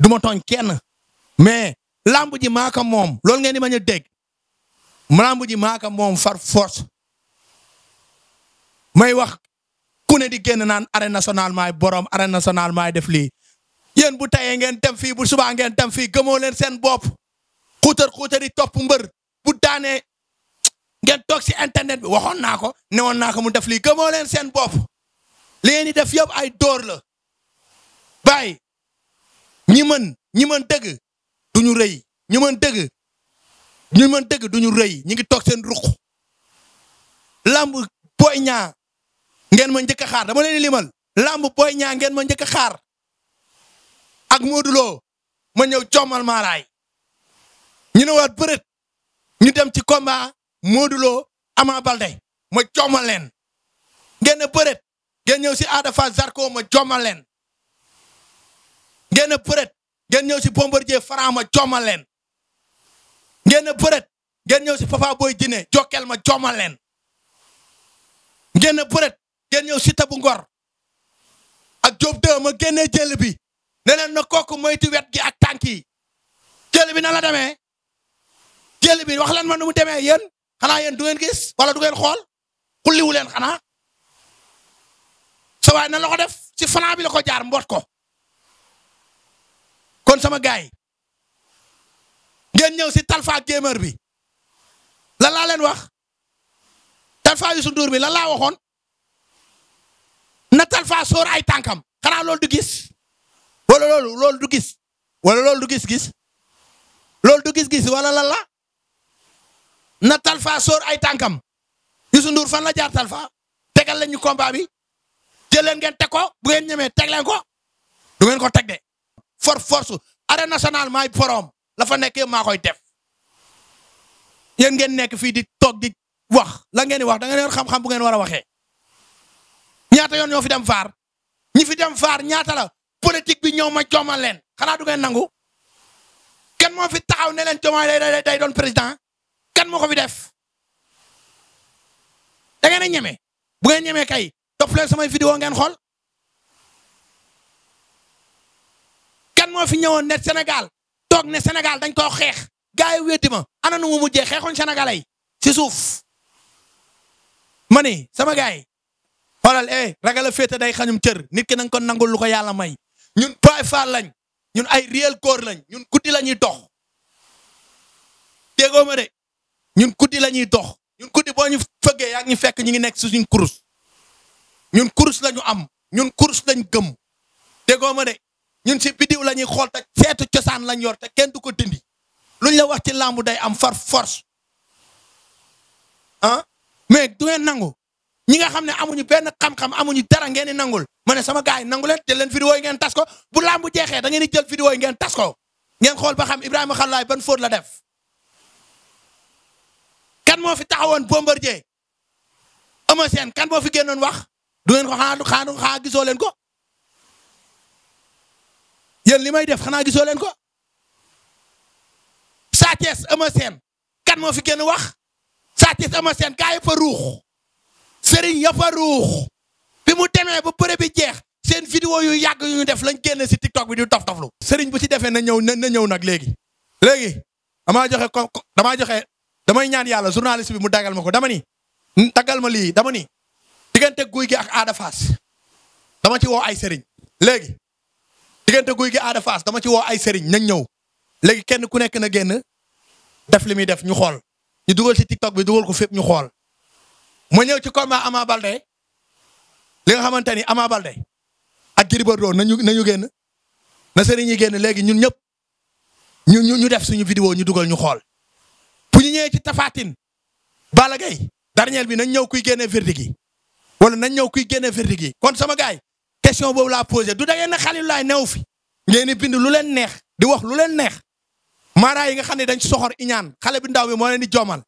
du ma tooñ kenn mais lamb ji maaka moom loolu ngeen di ma ñu dégg lamb ji maaka moom far force may wax ku ne di génn naan arène nationale maay borom arène nationale maay def lii yen bu tayee ngeen dem fii bu suba ngeen dem fii gëmoo leen seen bopp xuutar xuutar yi topp mbër bu daanee ngeen toog si internet bi waxoon naa ko newoon naa ko mu def lii gëmoo leen seen bopp leen di def yëpp ay dóor la bàyyi ñi mën ñi mën dëgg duñu ñu rëy ñi mën dëgg ñi mën dëgg du ñu rëy ñi ngi toog seen ruq lamb booy ñaa ngeen ma njëkk a xaar dama leen limal lamb booy ñaa ngeen ma njëkk a xaar ak Modou ma ñëw jommal maaraay ñu ne waat bërët ñu dem ci komba Modou Lo Ama Baldé ma jommal leen ngeen bërët ngeen ñëw si Ada Fass Zarko ma jommal leen ngeen a ñëw si Bombardier Franc ma jommal leen ngeen a përët si Papa Boy Djiné Jokkel ma jommal leen ngeen a përët ñëw si Tabu Ngor ak Diop ma génnee jël bi ne leen na kooku moytu wet gi ak tànk yi jël bi na la demee jël bi wax leen ma nu mu demee yéen xanaa yéen du ngeen wala du ngeen xool xulliwu leen xanaa waaye nan la ko def ci franc bi la ko jaar mboot ko kon sama gaay ngeen ñëw si Talfa Gamer bi lan laa leen wax Talfa Youssou Ndour bi lan laa waxoon na Talfa sóor ay tànkam xanaa loolu du gis wala loolu loolu du gis wala loolu du gis-gis loolu du gis-gis wala lan la na Talfa sóor ay tànkam Youssou Ndour fan la jaar Talfa tegal lañu combat bi jël ngeen teg ko bu ngeen ñemee teg leen ko du ngeen ko teg de for force arène nationale maay forom la fa nekkee maa koy def yéen ngeen nekk fii di toog di wax la ngeen wax da ngeen xam-xam bu ngeen war a waxee ñaata yoon ñoo fi dem far ñi fi dem faar ñaata la politique bi ñëw ma joomal leen xanaa du ngeen nangu kenn moo fi taxaw ne leen joomal day day doon président kenn moo ko fi def da ngeen a ñeme kay topp leen samay vidéo ngeen xool kan moo fi ñëwoon ne senegal toog ne senegal dañ koo xeex gars yi wéeti ma ana nu mu mujjee xeexuñ Sénégalais yi ci suuf ma ni sama gars yi xoolal eh ragal day xañum cër nit ki na nga ko yàlla may ñun Baay Faal lañ ñun ay réel koor lañ ñun guddi la ñuy dox déggoo ma de ñun guddi la ñuy dox ñun guddi boo ñu fëggee yaa ngi fekk ñu ngi nekk suñu kurus ñun course lañu am ñun course lañ gëm té goma dé ñun si bidiw lañuy xol ta fétu ciosan lañ yor ta kën du ko dindi luñ la wax ci lamb day am far force ah mais du ngeen nangu ñi nga xamné amuñu benn xam-xam amuñu dara ngeen nangul mané sama gaay nangul nangu té jël leen vidéo yi ngeen tas ko bu lamb jéxé da ngeen di jël vidéo yi ngeen tas ko ngeen xol ba xam ibrahim khallay ban for la def kan mo fi taxawon Bombardier Eumeu kan mo fi gennon wax du ngeen ko xanaa xanaa xanaa leen ko yéen li may def xanaa gisoo leen ko Sa Thiès Eumeu Sène kan moo fi kenn wax Sa Thiès Eumeu Sène gaa yëpp a ruux sëriñ yëpp ruux bi mu demee ba bëre bi jeex seen vidéo yu yàgg yu ñu def lañ génn si TikTok bi di tof toflu sëriñ bu si defee na ñëw na ñëw nag léegi léegi damaa joxe ko damaa joxe damay ñaan yàlla journaliste bi mu dagal ma ko dama ni tagal ma lii dama ni diggante guy gi ak aada dama ci woo ay sëriñ léegi diggante guy gi aada faas dama ci woo ay sëriñ nañ ñëw léegi kenn ku nekk na génn def li muy def ñu xool ñu dugal ci tiktok bi dugal ko fépp ñu xool ma ñëw ci combat Ama Balde li nga xamante ni Ama Balde ak Gris Bordeaux nañu nañu génn na sëriñ yi génn léegi ñun ñëpp ñu ñu ñu def suñu video ñu dugal ñu xool bu ñu ñëwee ci Tapha Tine Balla bi nañ ñëw kuy génnee verdict wala nañ ñëw kuy génnee verdict yi kon sama gaay question boobu la posé du da ngeen ne Xalilulaay neew fi ngeen di bind lu leen neex di wax lu leen neex maara yi nga xam ne dañ soxor iñaan xale bi ndaw bi moo leen di joomal